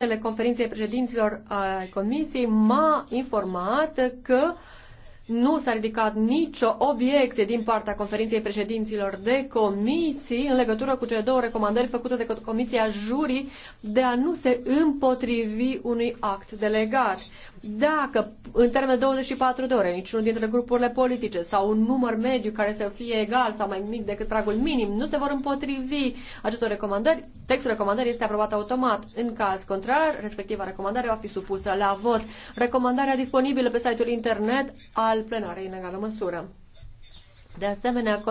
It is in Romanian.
ale conferinței președinților a Comisiei m-a informat că nu s-a ridicat nicio obiecție din partea conferinței președinților de comisii în legătură cu cele două recomandări făcute de Comisia Jurii de a nu se împotrivi unui act delegat dacă în termen de 24 de ore niciunul dintre grupurile politice sau un număr mediu care să fie egal sau mai mic decât pragul minim nu se vor împotrivi acestor recomandări, textul recomandării este aprobat automat. În caz contrar, respectiva recomandare va fi supusă la vot. Recomandarea disponibilă pe site-ul internet al plenarei în egală măsură. De asemenea,